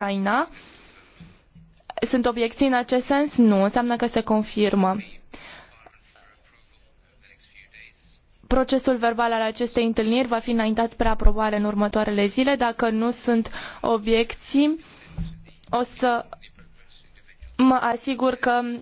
Ucraina. Sunt obiecții în acest sens? Nu, înseamnă că se confirmă. Procesul verbal al acestei întâlniri va fi înaintat spre aprobare în următoarele zile. Dacă nu sunt obiecții, o să mă asigur că